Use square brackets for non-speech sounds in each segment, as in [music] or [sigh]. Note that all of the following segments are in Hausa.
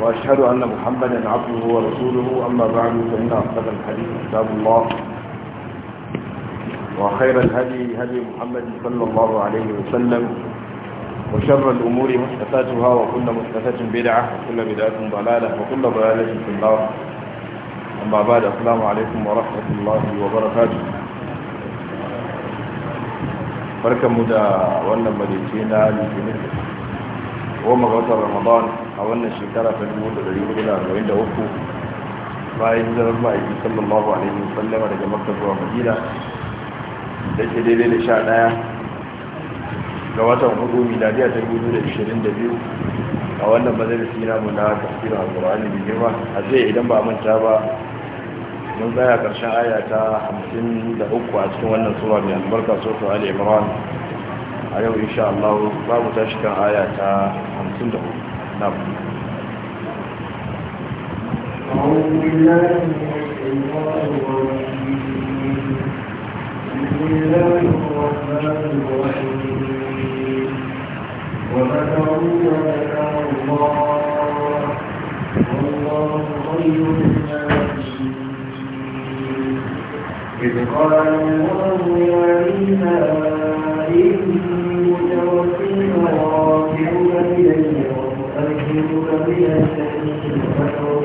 وأشهد أن محمدا عبده ورسوله أما بعد فإن أصدق الحديث كتاب الله وخير الهدي هدي محمد صلى الله عليه وسلم وشر الأمور محدثاتها وكل محدثة بدعة وكل بدعة ضلالة وكل ضلالة في النار أما بعد السلام عليكم ورحمة الله وبركاته بركة مدى وأنا مدينة لكم وما غزر رمضان a wannan shekara ta 1443 bayan hijirar ma'aiki sallallahu alaihi wasallam daga makka zuwa madina da ke daidai da sha daya ga watan hudu miladiya ta 2022 a wannan majalisi namu na tafsirin alƙur'ani mai girma a zai idan ba manta ba mun tsaya karshen aya ta 53 a cikin wannan sura mai albarka sosai ali imran a yau insha Allah babu tashi kan aya ta 54 نعم أعوذ بالله من الشيطان الرجيم بسم الله الرحمن الرحيم ومكروا ومكر الله والله خير الناصرين إذ قال الله يا عيسى إني متوفيك ورافعك إليك ومنزل من الذين كفروا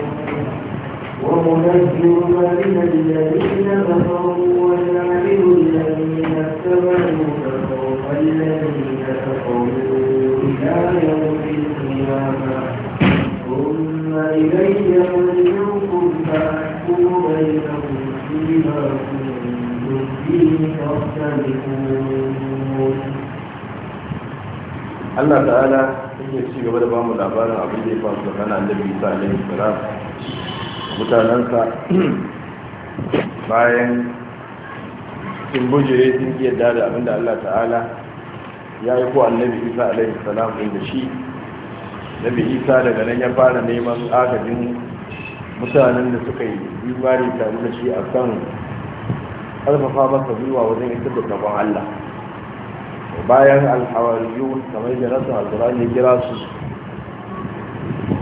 ومنزلك الذين كفروا وجاعل الذين اتبعوك كفروا إلى يوم القيامة ثم إلي مرجعكم فأحكم بينكم فيما كنتم فيه تختلفون الله تعالى ya ci gaba da ba mu labarin abin da ya faru da kana da bisa alaihi salam mutanensa [clears throat] bayan sun bujire sun iya dada abin da Allah ta'ala ya yi ko annabi isa alaihi salam inda shi nabi isa daga nan ya fara neman agajin mutanen da suka yi bari tare da shi a kan ƙarfafa masa gwiwa wajen isar da gaban Allah bayan alhawariyun kamar da nasu ya kira su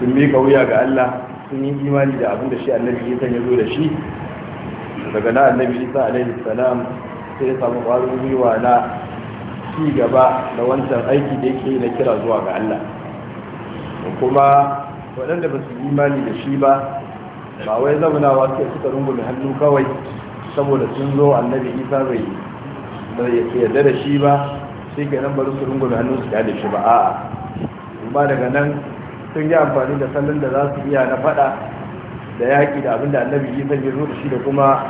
sun mika wuya ga Allah sun yi imani da abin da shi annabi ya ya zo da shi daga na annabi isa alaihi salam sai ya samu ƙwarin gwiwa na ci gaba da wancan aiki da yake na kira zuwa ga Allah kuma waɗanda ba su imani da shi ba ba wai zamunawa suka rungu rungume hannu kawai saboda sun zo annabi isa bai yarda da shi ba sai ga nan bari su da hannun su da shi ba a'a ba daga nan sun yi amfani da salon da za su iya na fada da yaƙi da abinda annabi isan ya zo da shi da kuma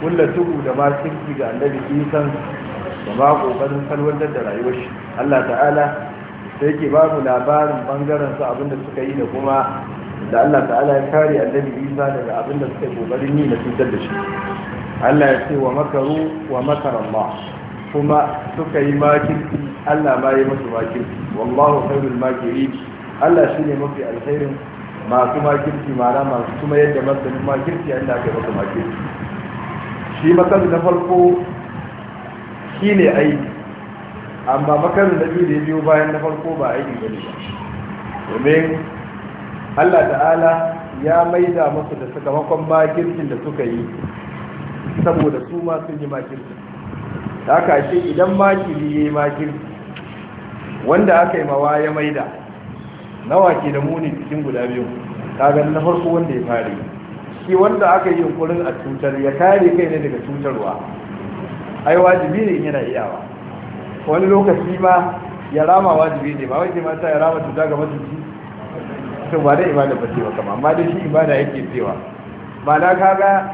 kulla tuhu da ma sirki ga annabi isan da ma ƙoƙarin salwantar da rayuwar shi allah ta'ala da yake ba mu labarin bangaren su abinda suka yi da kuma da allah ta'ala ya kare annabi isa daga abinda suka yi ƙoƙarin yi na cutar da shi allah ya ce wa makaru wa makar allah kuma suka yi makirci Allah ma yi masu makirci wallahu khairul makirin Allah shine mafi alkhairin masu makirci mara masu kuma yadda masu makirci Allah ka masu makirci shi makaru na farko shine aiki amma makaru na biyu da biyu bayan na farko ba aiki bane ba domin Allah ta'ala ya maida musu da sakamakon makircin da suka yi saboda su ma sun yi makircin haka shi idan makiri ya yi makiri wanda aka yi mawa ya maida nawa ke da muni cikin guda biyu kaga na farko wanda ya fare shi wanda aka yi yunkurin a cutar ya kare kai ne daga cutarwa ai wajibi ne yana iyawa wani lokaci ma ya rama wajibi ne ba wace mata ya rama cuta ga mutunci to ba da ibada ba ce ba kama amma dai shi ibada yake cewa ba na kaga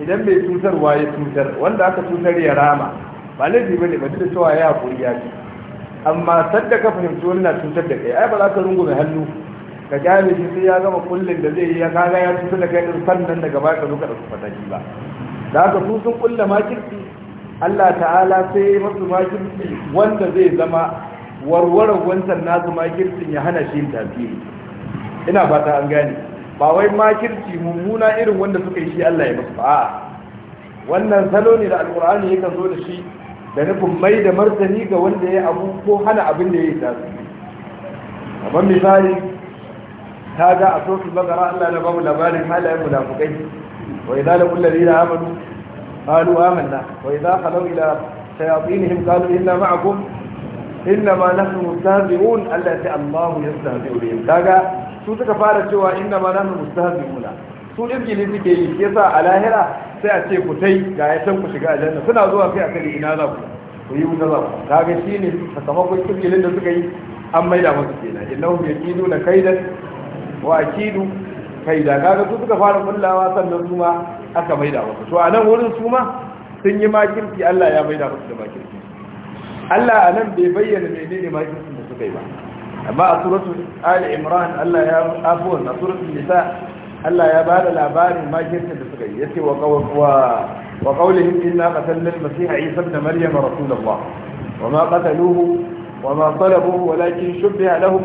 idan bai cutarwa ya cutar wanda aka cutar ya rama ba laifi ba ne ba da cewa ya haƙuri ya ce amma sadda ka fahimci wani na cutar da kai ai ba za ka rungume hannu ka kyale shi sai ya gama kullum da zai yi ya kaga ya cutar da kai ɗin sannan daga baya ka zo ka ɗauki fataki ba da haka su sun kulle makirci Allah ta'ala sai ya masu makirci wanda zai zama warwarar wancan nasu makircin ya hana shi tasiri ina fata an gane ba wai makirci mummuna irin wanda suka yi shi Allah ya masu ba wannan salo ne da alkur'ani yakan zo da shi da nufin mai da martani ga wanda ya abu ko hana abin da ya yi tasiri amma misali ta ga a sosu bagara allah na bamu labarin halayen munafukai wa da laqul na amanu halu amanna wa idza halau ila shayatinihim qalu inna ma'akum na nahnu mustahzi'un allati allah yastahzi'u bihim kaga su suka fara cewa innama nahnu mustahzi'una su izgili suke yi yasa a lahira sai a ce ku tai ga ya san ku shiga aljanna suna zuwa sai a kari ina za ku ku yi wuta za ku ga shi ne sakamakon kirkirin da suka yi an maida masu kenan innahum yakidu na kaidan wa akidu kaida ga su suka fara kullawa sannan su ma aka maida masu to a nan wurin su ma sun yi makirki Allah ya maida masu da makirki Allah a nan bai bayyana menene makirkin da suka yi ba amma a suratul ali imran Allah ya afuwan a suratul nisa Allah ya bada labarin makircin da suka yi yace wa qawwa wa qawlihim inna qatalna al-masiha isa ibn maryam rasulullah wa ma qataluhu wa ma talabuhu walakin shubbiha lahum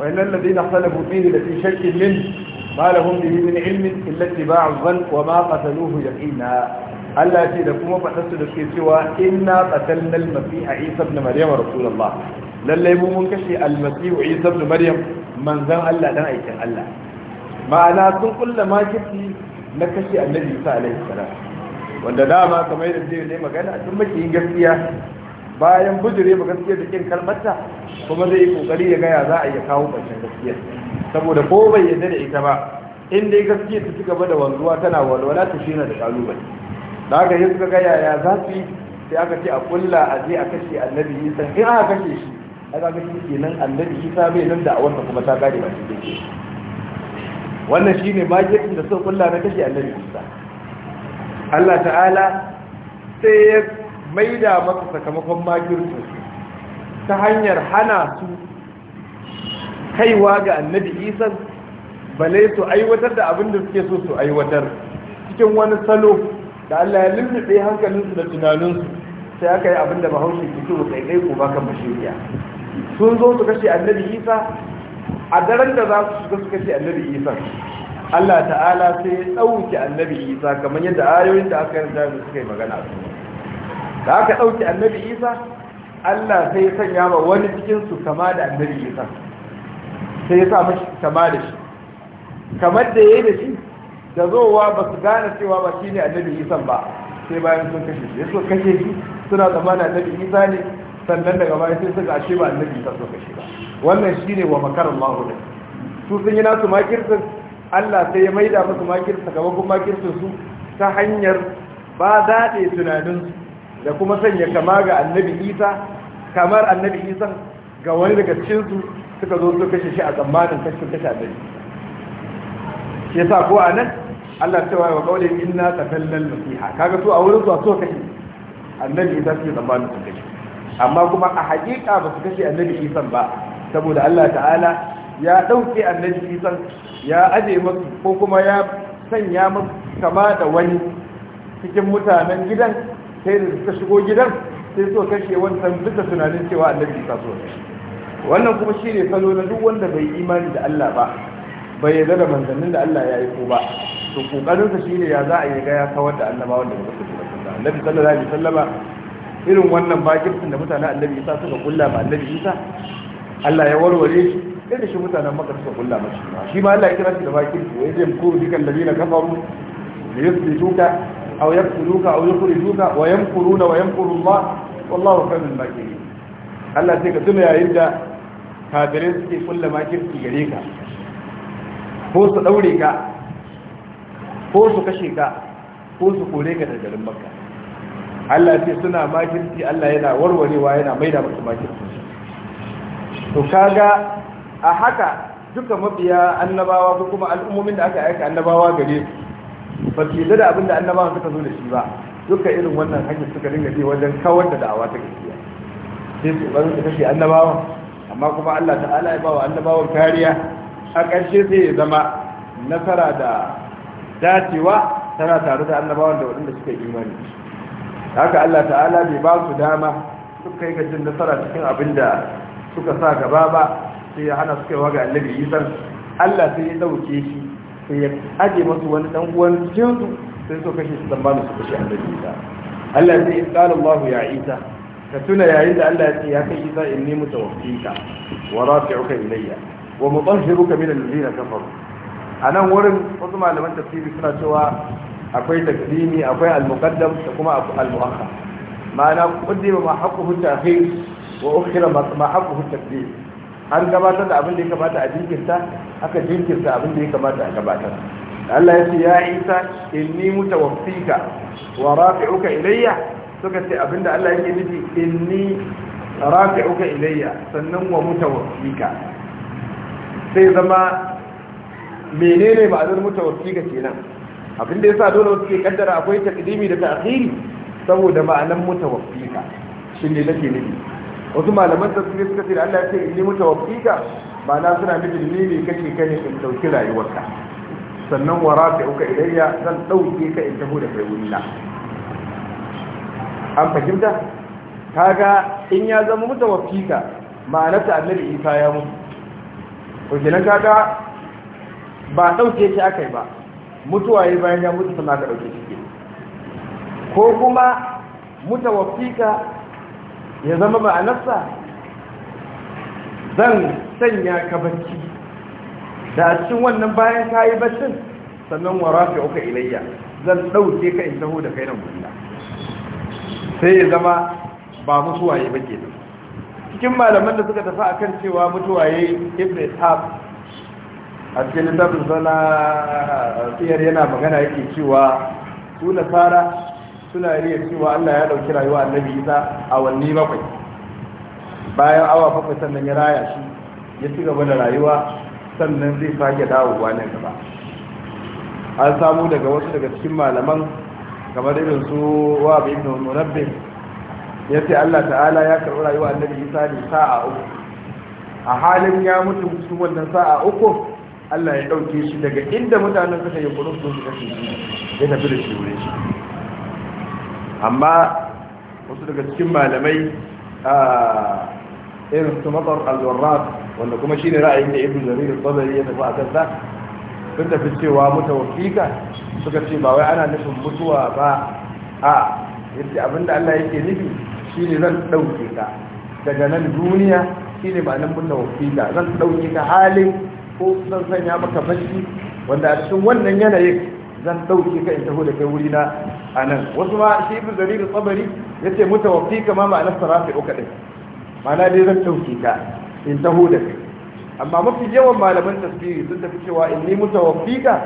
wa innal ladina ikhtalafu fihi lafi shakkin min ma lahum bihi min ilmin illa ittiba'u dhann wa ma ya yaqina Allah ce da kuma fadarsu da suke cewa inna qatalna al-masiha isa ibn maryam rasulullah lallai mu mun kashe al-masih isa ibn maryam manzan Allah dan aikin Allah ma'ana sun kulla makiti na kashe annabi isa alaihi salam wanda dama kamar yadda zai ne magana tun sun yin gaskiya bayan bujire ma gaskiya da kin kalmarta kuma zai yi kokari ya gaya za a iya kawo ƙarshen gaskiya saboda ko bai yadda da ita ba in dai gaskiya ta ci gaba da wanzuwa tana walwala ta shi na da kalubale da haka yin suka gaya ya za su yi sai aka ce a kulla a je a kashe annabi isa in aka kashe shi aka kashe nan annabi isa bai nan da a wanda kuma ta gane ba shi wannan shi shine magikin da suka kulla na kashe annabi Isa Allah ta'ala sai ya maida maka sakamakon magircin ta hanyar hana su kaiwa ga annabi Isa balai su aiwatar da abin da suke so su aiwatar cikin wani salo da Allah ya hankalin hankalinsu da tunaninsu sai aka yi abin da bahaushe ke so kai kai ko baka mashiriya sun zo su kashe annabi Isa a daren da za su shiga suka ce annabi isa Allah ta'ala sai ya ɗauki annabi isa kamar yadda ayoyin da aka yarda da suka yi magana a da aka ɗauki annabi isa Allah sai ya sanya ma wani cikinsu kama da annabi isa sai ya sa mashi kama da shi kamar da ya yi da shi da zowa ba su gane cewa ba shi ne annabi isa ba sai bayan sun kashe shi Sai kashe shi suna da annabi isa ne sannan daga bayan sai suka ashe ba annabi isa so kashe ba wannan ne wa makar Allah su sun yi nasu makirsin Allah sai ya maida musu makirsa sakamakon makirsin su ta hanyar ba daɗe tunaninsu da kuma sanya kama ga annabi isa kamar annabi isa ga wani daga cinsu suka zo su kashe shi a tsammanin kashe kashe annabi shi sa ko a nan Allah cewa wa kaulin inna tafallal nasiha kaga su a wurin su so kashe annabi isa su tsammanin su kashe amma kuma a hakika ba su kashe annabi isa ba saboda Allah ta'ala ya ɗauke annabi isan ya aje masu ko kuma ya sanya masu kama da wani cikin mutanen gidan sai da suka shigo gidan sai so kashe wancan bisa tunanin cewa annabi isa so wannan kuma shi ne salo na duk wanda bai imani da Allah ba bai yarda da manzannin da Allah ya yi ko ba to kokarinsa shi ne ya za a yi ga ya kawar da annabawan da ba su da annabi sallallahu alaihi wasallama irin wannan bakin da mutanen annabi isa suka kulla ba annabi isa Allah ya warware shi sai da shi mutanen maka suka kulla mashi ma shi ma Allah ya kira shi da bakin su Wai zai kuru dukan da zina kafaru da ya su duka a ya kuru ka au ya kuru tuka wa yan kuru na wa yan ba. ma wallahu kamin makiri Allah sai ka tuna yayin da kafirin suke kulla makirci gare ka ko su daure ka ko su kashe ka ko su kore ka daga garin makka Allah sai suna makirci Allah yana warwarewa yana maida musu makirci to kaga a haka duka mabiya annabawa ko kuma al'ummomin da aka aika annabawa gare su ba su da abin da annabawa suka zo da shi ba duka irin wannan hanyar suka dinga bi wajen kawar da da'awa ta gaskiya sai su ɓarin su kashe annabawan amma kuma Allah ta'ala ya bawa annabawan kariya a ƙarshe sai ya zama nasara da dacewa tana tare da annabawan da waɗanda suka yi imani haka Allah ta'ala bai ba su dama suka yi gajin nasara cikin abin da suka sa gaba ba sai ya hana suka yawa ga annabi isa allah sai ya ɗauke shi sai ya aje masu wani ɗan uwan jinsu sai suka kashe su zamba su kashi annabi isa allah sai ya tsara allahu ya isa ka tuna yayin da allah ya ce ya kai isa in nemi tawaffika wa rafi'uka ilayya wa mutahhiruka min alladhina kafaru anan wurin wasu malaman tafsiri suna cewa akwai takdimi akwai al da kuma al-mu'akhkhar ma'ana qaddima ma haqqu ta'khir wa ukhira ma haqqu takdir an gabatar da abin da ya kamata a jinkirta aka jinkirta abin da ya kamata a gabatar Allah ya ce ya Isa inni mutawaffika wa rafi'uka ilayya suka ce abinda Allah yake nufi inni rafi'uka ilayya sannan wa mutawaffika sai zama menene ma'anar mutawaffika kenan abinda yasa dole wasu ke kaddara akwai takdimi da ta'khiri saboda ma'anar mutawaffika shine nake nufi wasu malaman suke suka ce da Allah ya ce inni wafiqa ba na suna nufin ni ne kake kane in dauki rayuwarka sannan wa rafi'uka ilayya zan dauke ka in taho da kai wurina an fahimta kaga in ya zama mutawaffika ma'anarta annabi Isa ya mu ko kenan kaga ba dauke shi akai ba mutuwa yayin bayan ya mutu sannan ka dauke shi ko kuma mutawaffika ya zama ma'anarsa zan sanya ka bacci da a cikin wannan bayan ka yi baccin sannan wara fi uka ilayya zan ɗauke ka in taho da kai nan sai ya zama ba mutuwaye ya ke nan cikin malaman da suka tafi akan cewa mutuwaye, ya yi ibn tab a cikin littafin tsiyar yana magana yake cewa su nasara suna riya cewa Allah ya dauki rayuwa annabi Isa wanni bakwai bayan awa bakwai sannan ya raya shi ya ci gaba da rayuwa sannan zai sake dawowa nan gaba an samu daga wasu daga cikin malaman kamar irin su wa bin murabbi ya ce Allah ta'ala ya karɓi rayuwa annabi Isa ne sa'a uku a halin ya mutu su wannan sa'a uku Allah ya ɗauke shi daga inda mutanen suka yi kurun su suka ce ya tafi da shi wurin shi amma wasu daga cikin malamai a irin su matsar alwarrat wanda kuma shi ne ra'ayin da ibn jarir sadari ya tafi a kansa sun tafi cewa mutawaffika suka ce ba wai ana nufin mutuwa ba a yadda abinda Allah yake nufi shi ne zan ɗauke ka daga nan duniya shi ne ma'anin mutawaffika zan ɗauke ka halin ko zan sanya maka fashi wanda a cikin wannan yanayin zan ɗauke ka in taho da kai wurina a nan wasu ma shi ibn jarir tsabari ya ce muta wafi kama ma'anar sarafi uka ɗin ma'ana dai zan ɗauke ka in taho da kai amma mafi yawan malaman tasbiri sun tafi cewa in ni muta wafi ka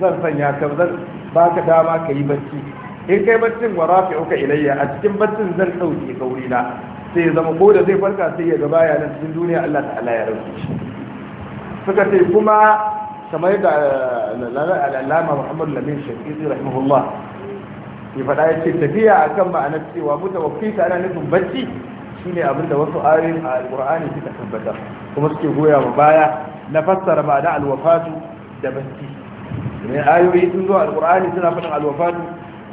zan sanya ka zan ka dama ka yi barci in kai barcin wa rafi uka ilayya a cikin barcin zan ɗauke ka wurina sai ya zama ko da zai farka sai ya gaba baya nan cikin duniya Allah ta'ala ya rauke shi suka ce kuma kamar yadda eh, al'alama muhammadu lamin shafi'i rahimahullah ya faɗa ya ce tafiya a kan ma'anar cewa mutu wa wakilta ana nufin bacci shine abinda wasu ayoyin a su ta tabbatar kuma suke goya ma baya na fassara ba da alwafatu da bacci domin ayoyi sun zo alƙur'ani suna faɗin alwafatu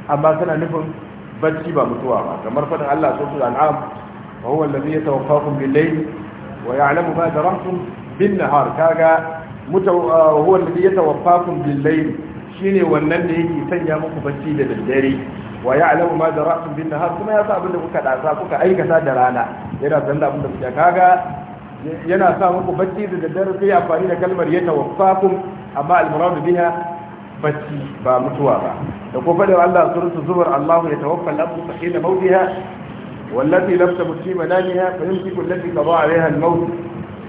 amma suna nufin bacci ba mutuwa ba kamar faɗin allah sosu da al'am wa huwa allazi yatawaffakum bil layl wa ya'lamu ma darahtum bin nahar kaga Ah, huwa alladhi yatawaffakum bil layl shine wannan da yake sanya muku bacci da daddare wa ya'lamu ma dara'tum bin nahar kuma ya sa abin da kuka dasa kuka aikata da rana yana san da abin da kuka kaga yana sa muku bacci da daddare sai amfani da kalmar yatawaffakum amma al-muradu biha bacci ba mutuwa ba da ko fadar Allah suratul zumar Allah ya tawaffa al-nafs hina mawtiha wallati lam tamut fi manamiha fa yumsiku allati qada 'alayha al-maut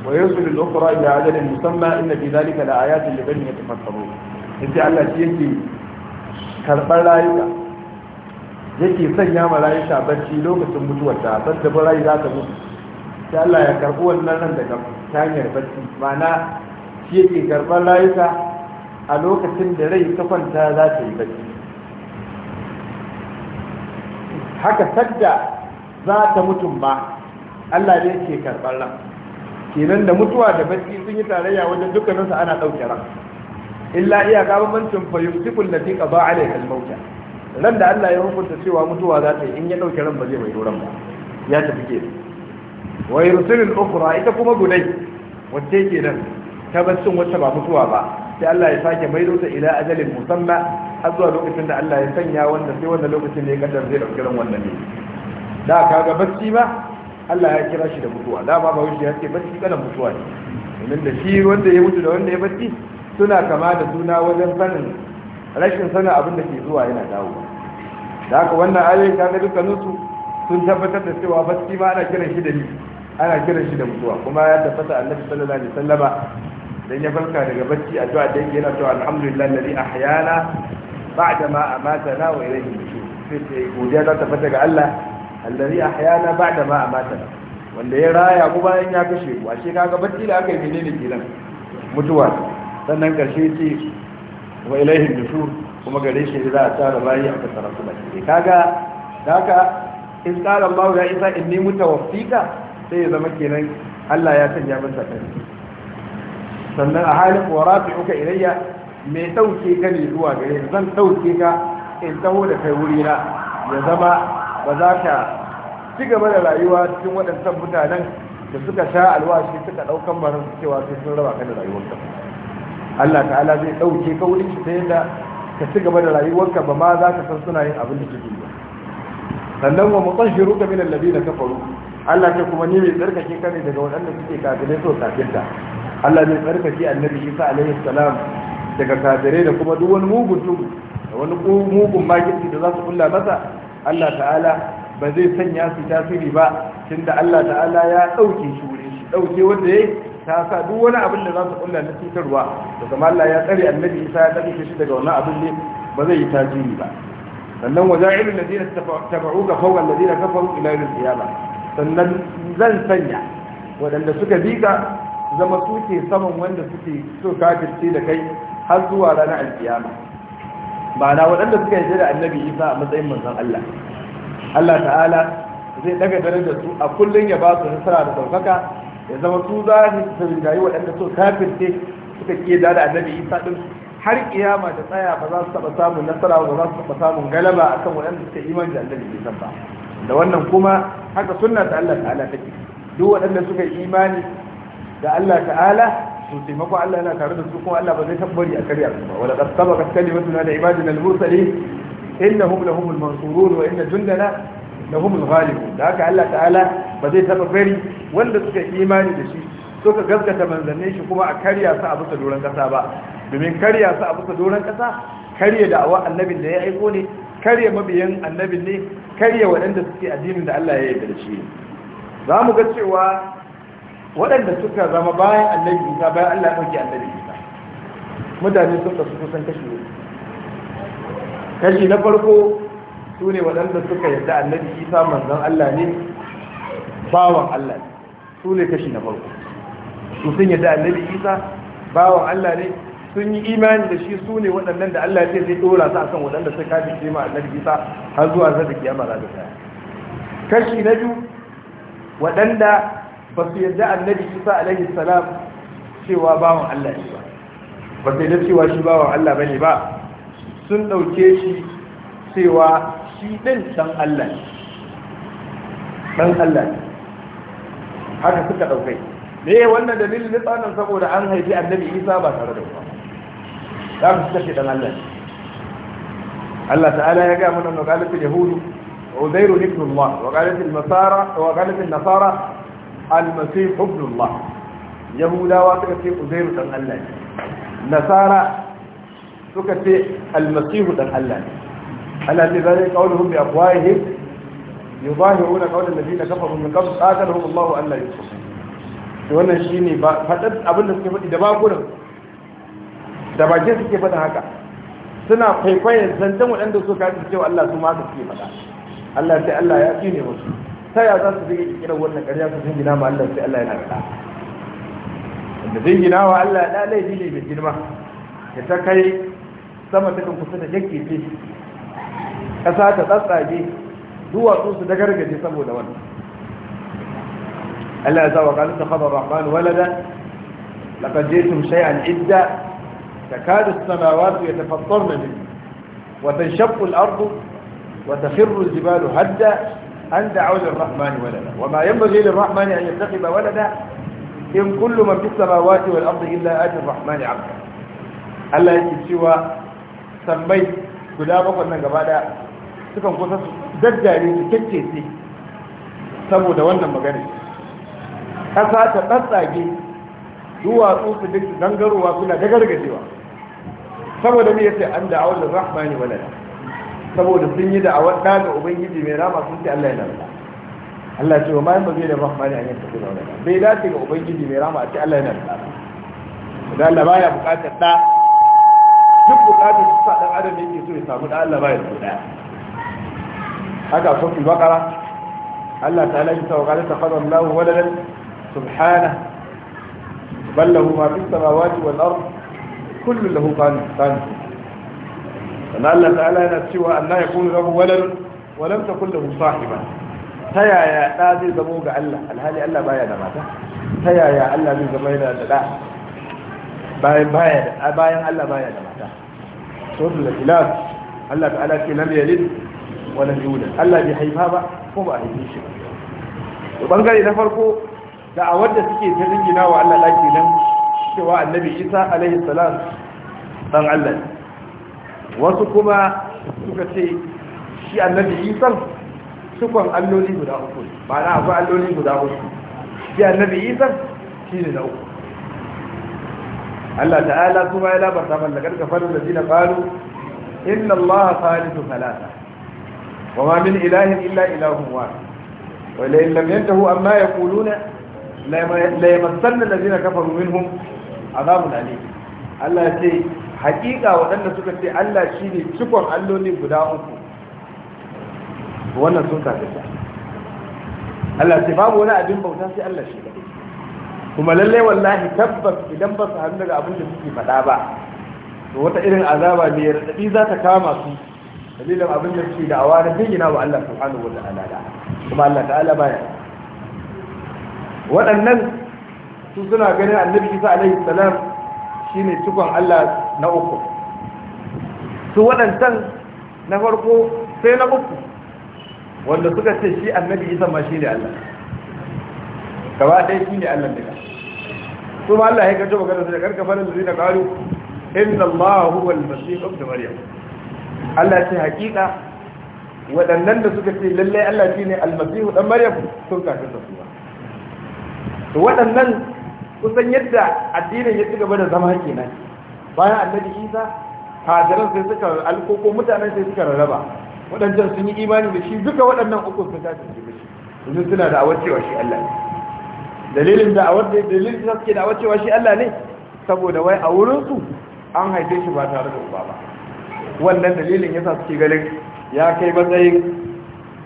ويرسل الأخرى إلى عدد مسمى إن في ذلك لآيات لبني يتفكرون إنت الله يجي karɓar rayuka yake sanya ma rayuka bacci lokacin mutuwarta san da barayi za ta mutu sai Allah ya karɓi wannan ran daga ta hanyar bacci mana shi yake karɓar rayuka a lokacin da rai ta kwanta za ta yi bacci haka sadda za ta mutum ba Allah ne yake karɓar ran kenan da mutuwa da bacci sun yi tarayya wajen dukkaninsa, ana ɗauke ran illa iyaka bambancin cikin yumsikul lati ba a ne kalmauta ran da Allah ya hukunta cewa mutuwa za ta yi in ya ɗauke ran ba zai mai ba ya tafi ke Wai yursilul ukura ita kuma gudai wacce ke nan ta wacce ba mutuwa ba sai Allah ya sake mai ta ila ajalin musamma har zuwa lokacin da Allah ya sanya wanda sai wanda lokacin ne kaddar zai ɗauki ran wannan ne da kaga bacci ba Allah ya kira shi da mutuwa dama ba wuce ya ce bacci kana mutuwa ne domin da shi wanda ya mutu da wanda ya bacci suna kama da juna wajen sanin rashin sanin abin da ke zuwa yana dawo da haka wannan ayoyin kaga su sun tabbatar da cewa bacci ma ana kiran shi da ni ana kiran shi da mutuwa kuma ya tabbata annabi sallallahu alaihi wasallama dan ya farka daga bacci addu'a da yake yana cewa alhamdulillah alladhi ahyana ba'da ma amatana wa ilayhi nushur sai godiya ta tabbata ga Allah allazi ahyana ba'da ma amatana wanda ya raya ku bayan ya kashe ku a ashe kaga bacci da aka yi menene kenan mutuwa sannan karshe ce wa ilaihi nushur kuma gare shi za a tsara bayi a kasar su baki kaga haka in qala Allahu ya isa in inni mutawaffika sai ya zama kenan Allah ya sanya masa kai sannan a halin uka ilayya me dauke ka ne zuwa gare zan dauke ka in taho da kai wuri na ya zama ba za ka ci gaba da rayuwa cikin waɗancan mutanen da suka sha alwashi suka ɗaukan barin cewa sai sun raba ka da rayuwarka Allah ta'ala zai ɗauke ka wurin shi ta yadda ka ci gaba da rayuwarka ba ma za ka san suna yin abin da kake ba sannan wa mutashiru ka min na kafaru Allah ke kuma ni mai tsarkake ka ne daga waɗanda suke kafirai so kafirta Allah zai tsarkake annabi Isa alaihi salam daga kafirai da kuma duk wani mugun da wani mugun magiji da za su kulla masa Allah ta'ala ba zai sanya su tasiri ba tunda Allah ta'ala ya dauke shi wurin shi dauke wanda ta sa duk wani abin da za su kulla na cutarwa to kuma Allah ya tsare annabi Isa ya dauke shi daga wani abin ne ba zai yi tasiri ba sannan waja'ilu alladhina tabauka fawqa alladhina kafaru ila yawm qiyamah sannan zan sanya wadanda suka bika zama suke saman wanda suke so kafirce da kai har zuwa ranar al ma'ana waɗanda suka yi da annabi isa a matsayin manzon Allah Allah ta'ala zai daga darajar su a kullum ya ba su nasara da daukaka ya zama su za su rinjayi waɗanda su kafirce suka kiyada da annabi isa din har kiyama ta tsaya ba za su taɓa samun nasara ba za su taɓa samun galaba a kan waɗanda suka imani da annabi isa ba da wannan kuma haka sunna ta Allah ta'ala take duk waɗanda suka imani da Allah ta'ala to taimakon Allah yana tare da su kuma Allah ba zai tabbari a karya su ba wala qad sabaqat kalimatuna li ibadina al-mursalin innahum lahumul mansurun wa inna jundana lahumul ghalibun da haka Allah ta'ala ba zai taba bari wanda suka imani da shi suka gaskata manzannin shi kuma a karya su a bisa doron kasa ba domin karya su a bisa doron kasa karya da'awa annabin da ya aiko ne karya mabiyan annabin ne karya waɗanda suke addinin da Allah ya yarda da shi za mu ga cewa waɗanda suka zama bayan annabi isa bayan allah ya ɗauki annabi isa mutane sun ɗauki kusan kashi ne kashi na farko su ne waɗanda suka yarda annabi isa manzan allah ne bawan allah ne su ne kashi na farko su sun yarda annabi isa bawan allah ne sun yi imani da shi su ne waɗannan da allah ce zai ɗora su kan waɗanda suka kafi ce ma annabi isa har zuwa zai da kiyama za ta kashi na biyu waɗanda ba su yadda annabi isa alaihi salam cewa bawan allah ne ba ba su yadda cewa shi bawan allah ba ne ba sun ɗauke shi cewa shi ɗin ɗan allah ne ɗan allah ne haka suka ɗaukai me wannan dalilin nitsanin saboda an haifi annabi isa ba tare da ba za mu suka ce ɗan allah ne الله تعالى يجاء من أنه قالت اليهود عزير ابن الله وقالت, المسارة وقالت النصارى almasih allah yahudawa suka ce uzairu dan Allah ne nasara suka ce almasihu dan Allah ne Allah ne zai kauluhum bi afwahihim yudahiruna qawla alladhina kafaru min qabl qatalahum Allah an la yusuf wannan shine ba fadar abin da suke faɗi da bakunan da bakin suke faɗa haka suna kwaikwayon zancen waɗanda suka kaji cewa Allah su ma suke faɗa Allah sai Allah ya fi ne musu ta ya za su zai kiran wannan ƙarya su jingina ma Allah sai Allah yana da wanda jingina wa Allah da laifi ne mai girma da ta kai sama ta kan kusa da yankece ƙasa ta tsatsage duwatsu su da gargaje saboda wannan Allah ya zawa kalin da khabar rahman walada laqad jitum shay'an idda takadu as-samawati yatafattarna minhu wa tanshaqqu al-ardu wa takhirru al-jibalu hadda أن دعوا للرحمن ولدا وما ينبغي للرحمن أن ba ولدا إن كل من في السماوات والأرض إلا آتي الرحمن عبدا Allah yake cewa sammai guda bakwai nan gaba da sukan kusa daddare su kyakkece saboda wannan magana ƙasa ta tsatsage duwatsu su duk gangarowa suna dagargajewa saboda me yace an da rahmani saboda sun yi da'awar da ga ubangiji mai rama sun ce Allah ya da Allah ce wa ma yamma bai da rahmani yin yanta da wala bai dace ga ubangiji mai rama a ce Allah ya da da Allah baya bukatar da duk bukatar su sa dan adam yake so ya samu da Allah baya so da haka sun fi bakara Allah ta'ala ya sa wa ta fara Allah waladan subhanahu bal lahu ma fi samawati wal ard kullu lahu qanitun sannan Allah ta'ala yana cewa Allah ya kuma lahu walad wa lam takul lahu sahiba ta yaya ɗa zai zama ga Allah alhali Allah baya da mata ta yaya Allah zai zama yana da ɗa? bayan Allah baya da mata da ikhlas Allah ta'ala ce lam yalid wa lam yulad Allah bai haifa ba ko ba haife shi ba to bangare na farko da a wanda suke ta jingina wa Allah laki nan cewa annabi Isa alaihi salam dan Allah ne wasu kuma suka ce shi annabi isan sukon alloli guda uku ba na akwai alloli guda uku shi annabi isan shi ne na uku Allah ta'ala kuma ya labarta man da karka faru da zina faru inna Allah salisu talata wa ma min ilahin illa ilahun wa wa la in lam yantahu amma yaquluna la yamassanna allazina kafaru minhum azabun alim Allah ya ce hakika waɗanda suka ce Allah shi ne cikon alloli guda uku wannan sun kafirta Allah ce babu wani abin bauta sai Allah shi kaɗai kuma lallai wallahi tabbas idan ba su hannu daga abin da suke faɗa ba to wata irin azaba ne raɗaɗi za ta kama su dalilin abin da suke da awa na jingina wa Allah subhanahu wa ta'ala da kuma Allah ta'ala baya waɗannan su suna ganin annabi Isa alaihi salam shine cikon Allah na uku su waɗancan na farko sai na uku wanda suka ce shi annabi isa ma shi ne Allah gaba ɗaya shi ne Allah daga su ma Allah ya kace magana su da karka fara da zina ƙaru inna Allah huwa al-masih ibn maryam Allah ce hakika waɗannan da suka ce lallai Allah shi ne al-masih dan maryam sun kafin da su ba Su waɗannan kusan yadda addinin ya ci gaba da zama kenan bayan annabi isa hajaran sai suka alko, ko mutanen sai suka rarraba waɗancan sun yi imani da shi duka waɗannan uku sun tashi da shi yanzu suna da cewa shi Allah ne dalilin da awar da dalilin da suke da cewa shi Allah ne saboda wai a wurin su an haife shi ba tare da uba ba wannan dalilin yasa suke ganin ya kai matsayin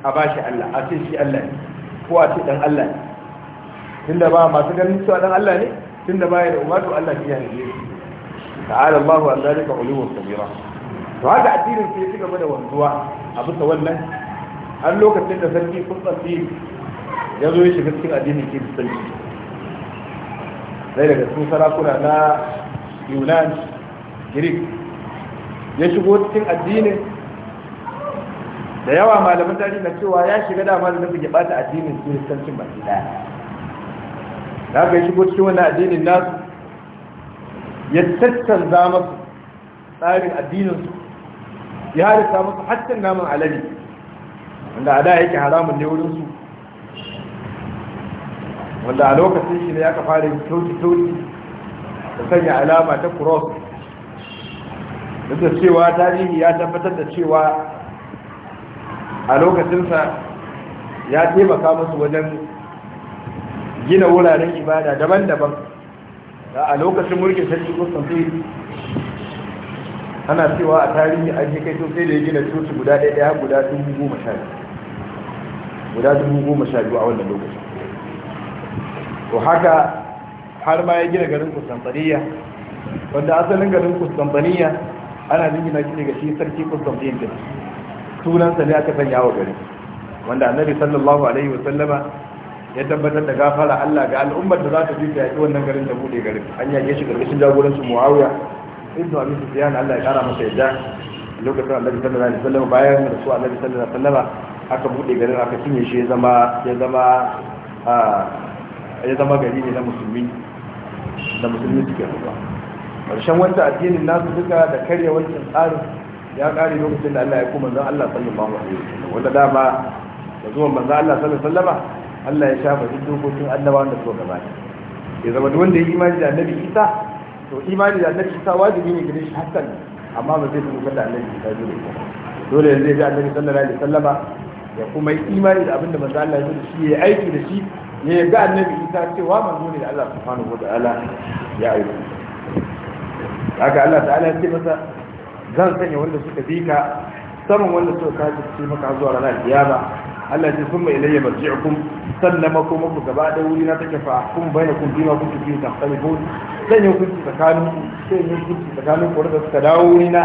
a bashi Allah a ce shi Allah ne ko a ce dan Allah ne tunda ba masu ganin cewa dan Allah ne tunda ba ya da umaru Allah ya yi ta'ala Allahu an zalika ulumul kabira to haka addinin sai ya mana wanzuwa a bisa wannan An lokacin da sarki kutsatsi ya zo ya shiga cikin addinin kiristanci sai daga cikin sarakuna na yunan greek ya shigo cikin addinin da yawa malamin tarihi na cewa ya shiga dama da nufin ya bata addinin kiristancin baki daya da aka yi shigo cikin wani addinin nasu ya tattanza masu tsarin addininsu ya harita masu haccin naman alade wanda a da yake haramun ne wurinsu wanda a lokacin shi ne ya ka fara yin kyauti-kyauti da sanya alama ta cross duk da cewa tarihi ya tabbatar da cewa a lokacinsa ya taimaka musu wajen gina wuraren ibada daban-daban Da a lokacin mulkin sarki kusantin ana cewa a tarihi an kai sosai da ya gina coci guda ɗaya ɗaya guda dubu goma sha biyu, guda dubu goma sha biyu a wannan lokacin to haka har ma ya gina garin kustantaniya wanda asalin garin kustantaniya ana jingina shi ne ga shi sarki kustantaniya sunansa ne aka sanya wa gari. wanda annabi sallallahu alaihi wasallama ya tabbatar da gafara Allah ga al'ummar da za ta fita yaki wannan garin da bude garin an yage shi karkashin jagorancin Muawiya ibn Abi Sufyan Allah ya kara masa yadda lokacin Annabi sallallahu alaihi wasallam bayan su Annabi sallallahu alaihi wasallam aka bude garin aka cinye shi ya zama ya zama ya zama gari ne na musulmi da musulmi suke ruwa karshen wanda addinin nasu duka da karya wancan tsarin ya kare lokacin da Allah ya kuma zan Allah sallallahu alaihi wasallam wanda dama da zuwan manzo Allah sallallahu alaihi wasallam Allah ya shafa duk dokokin annabawan da suka gabata ya zama wanda ya imani da annabi Isa to imani da annabi Isa wajibi ne gare shi hakan amma ba zai tsoka da annabi Isa dole dole zai ya annabi sallallahu alaihi wasallama ya kuma yi imani da abinda manzo Allah ya zo da shi ya aiki da shi ya ga annabi Isa cewa manzo ne da Allah subhanahu wataala ya aiki haka Allah ta'ala ya ce masa zan sanya wanda suka bi ka saman wanda suka kaji su maka zuwa ranar kiyama Allah ce sun mai ilayya marji'ukum sallama ko muku gaba da wuri na take fa kun bayyana kun bima kun tafi ta sani ko zan yi hukunci tsakanin sai yi hukunci tsakanin ku da suka dawo wuri na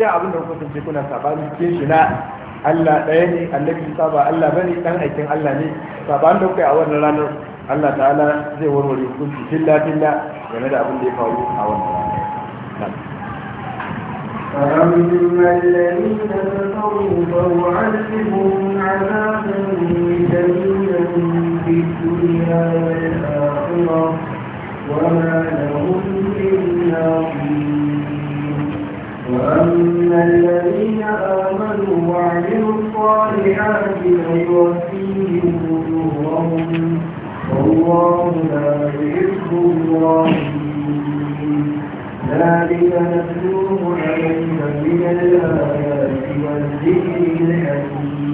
sai abin da kuka tunce kuna sabani cikin shi na Allah ɗaya ne annabi Isa ba Allah bane dan aikin Allah ne sabanin da kai a wannan ranar Allah ta'ala zai warware hukunci filla filla game da abin da ya faru a wannan ranar فأما الذين كفروا فأعذبهم عذابا شديدا في الدنيا والآخرة وما لهم من ناصرين وأما الذين آمنوا وعملوا الصالحات فيوفيهم أجورهم والله لا يحب الظالمين ذلك نتلوه عليك من الآيات والذكر الحكيم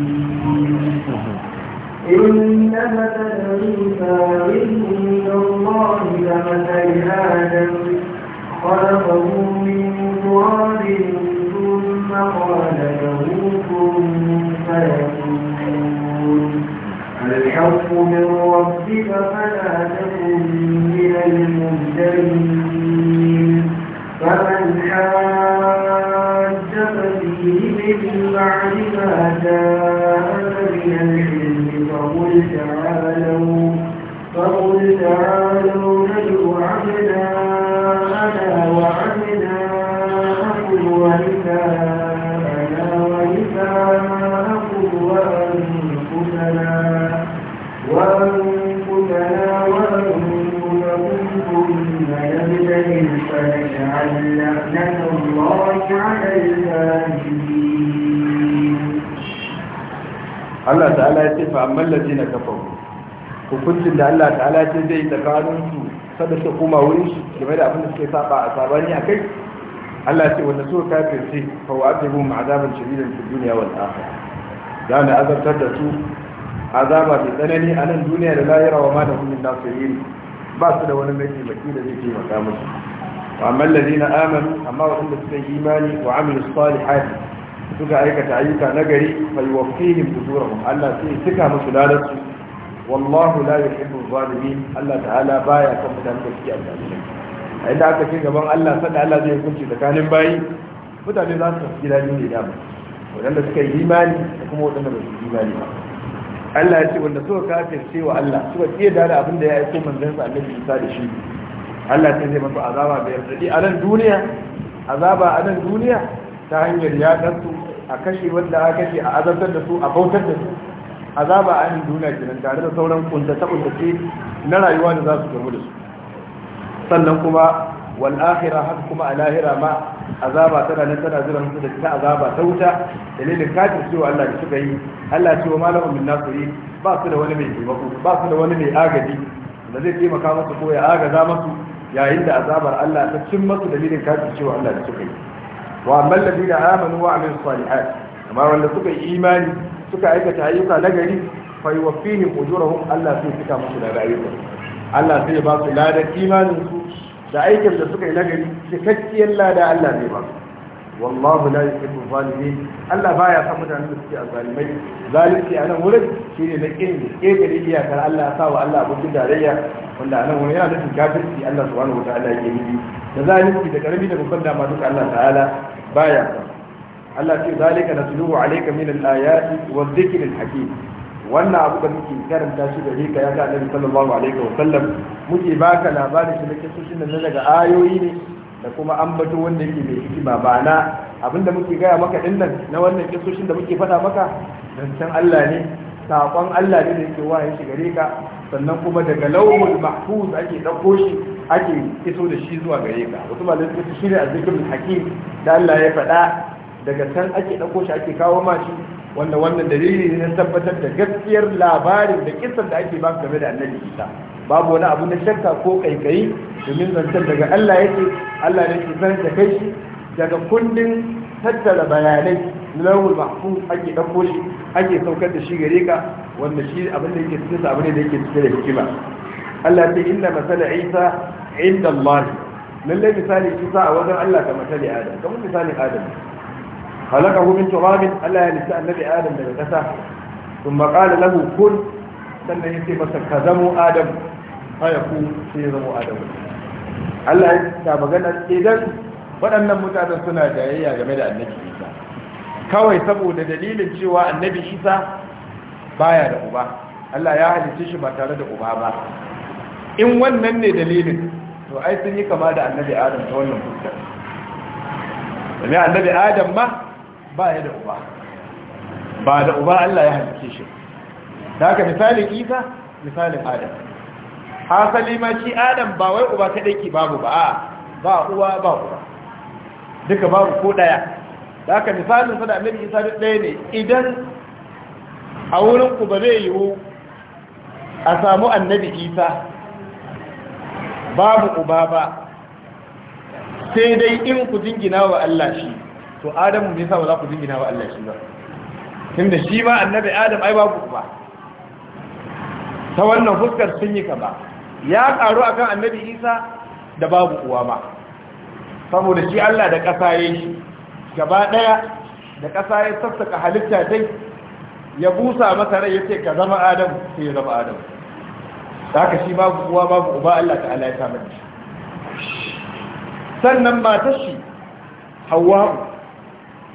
إن مثل hukuncin da Allah ta'ala ce zai tsakanin su sada ta koma wurin su game da abin da suke saba a sabani kai. Allah ce wanda suka kafirce fa wa azabu ma'azaban shadidan fid dunya wal akhirah Za mu azabtar da su azaba mai tsanani a nan duniya da lahira wa ma da kullun nasirin ba su da wani mai baki da zai taimaka musu wa amma na amanu amma waɗanda suka yi imani wa amilu salihat suka aikata ayyuka nagari fa yuwaffihim ujurahum Allah sai suka musu ladarsu wallahu la yuhibbu zalimin Allah ta'ala baya son mutanen da suke azzalimi a inda aka ce gaban Allah sanda Allah zai hukunci tsakanin bayi mutane za su tafi daɗi ne dama waɗanda suka yi imani da kuma waɗanda ba su yi imani ba Allah ya ce wanda suka kafirce wa Allah suka da dada abin da ya aiko manzon sa Annabi Isa da shi Allah sai zai masa azaba da yardadi a nan duniya azaba a nan duniya ta hanyar ya a kashe wanda aka kashe a azabtar da su a bautar da su azaba a yin duniya nan, tare da sauran kuntace-kuntace na rayuwa da za su gamu da su sannan kuma wal akhira haka kuma a lahira ma azaba tana nan tana zira musu da ta azaba ta wuta dalilin kafin cewa Allah da suka yi Allah cewa malamu min nasiri ba su da wani mai taimako ba su da wani mai agaji da zai taimaka masu ko ya agaza masu yayin da azabar Allah ta cin masu dalilin kafin cewa Allah da suka yi wa amma alladina amanu wa amilus salihat amma wanda suka yi imani suka aikata ayyuka na gari fa yuwaffihim ujurahum Allah sai fita musu da rayuwa Allah sai ba su lada imanin su da aikin da suka yi na gari cikakkiyar lada Allah ne ba wallahu la yuhibbu zalimin Allah baya san mutanen da suke azalimai zalunci a nan wurin shine na kin ke gari iyakar Allah sa wa Allah abokin tarayya wanda a nan wurin yana nufin kafirci Allah subhanahu wataala yake yi da zalunci da karami da babban dama duka Allah ta'ala baya son Allah ce zalika nasluhu alaika min al-ayati wa dhikri al-hakim wannan abu da muke karanta shi gare ka ya ga Annabi sallallahu alaihi wa sallam muke baka labarin shi da kisoshin nan daga ayoyi ne da kuma ambato wanda yake mai hikima ba na abinda muke gaya maka din nan na wannan kisoshin da muke faɗa maka zancen Allah ne saƙon Allah ne da yake wahayin shi gare ka sannan kuma daga lawul mahfuz ake dauko shi ake iso da shi zuwa gare ka wasu malamai suka shirya azzikrul hakim da Allah ya faɗa daga can ake ɗauko shi ake kawo mashi wanda wannan dalili ne na tabbatar da gaskiyar labarin da kisan da ake baka game da annabi isa babu wani abu na shakka ko kaikayi domin zancen daga allah ya ce, allah ne ke sanar da kai shi daga kundin tattara bayanai na lawul mahfuz ake ɗauko shi ake saukar da shi gare ka wanda shi abin da yake cikin sa abu ne da yake cikin da hikima allah ta inna masala isa inda allah lallai misali isa a wajen allah ka masali adam kamar misalin adam خلقه من تراب Allah ya النبي ادم Adam daga ثم قال له كن kun sannan yace كذم ka zamo Adam fayaku sai zamo Adam Allah ya ta magana idan waɗannan mutanen suna game da annabi Isa kawai saboda dalilin cewa annabi Isa baya da uba Allah ya halicce shi ba tare da uba ba in wannan ne dalilin to ai sun yi kama da annabi Adam ta wannan fuskar annabi adam ma ba ya da uba ba da uba Allah ya halice shi da haka misalin isa misalin adam hasali ma shi adam ba wai uba ka ki babu ba ba uwa ba uba duka babu ko ɗaya da haka misalin sada da annabi isa duk ɗaya ne idan a wurin ku ba zai yiwu a samu annabi isa babu uba ba sai dai in ku jingina wa Allah shi to adamu me yasa ba za ku jingina ba Allah shi ba tunda shi ba annabi adam ai babu ba ta wannan fuskar sun yi ba ya karu akan annabi isa da babu uwa ba. saboda shi Allah da ƙasa ya shi gaba ɗaya da ƙasa ya sassaka halitta dai ya busa masa rai ya ce ka zama adam sai ya zama adam da haka shi babu uwa babu uba Allah ta'ala ya samar shi sannan matar shi hawa'u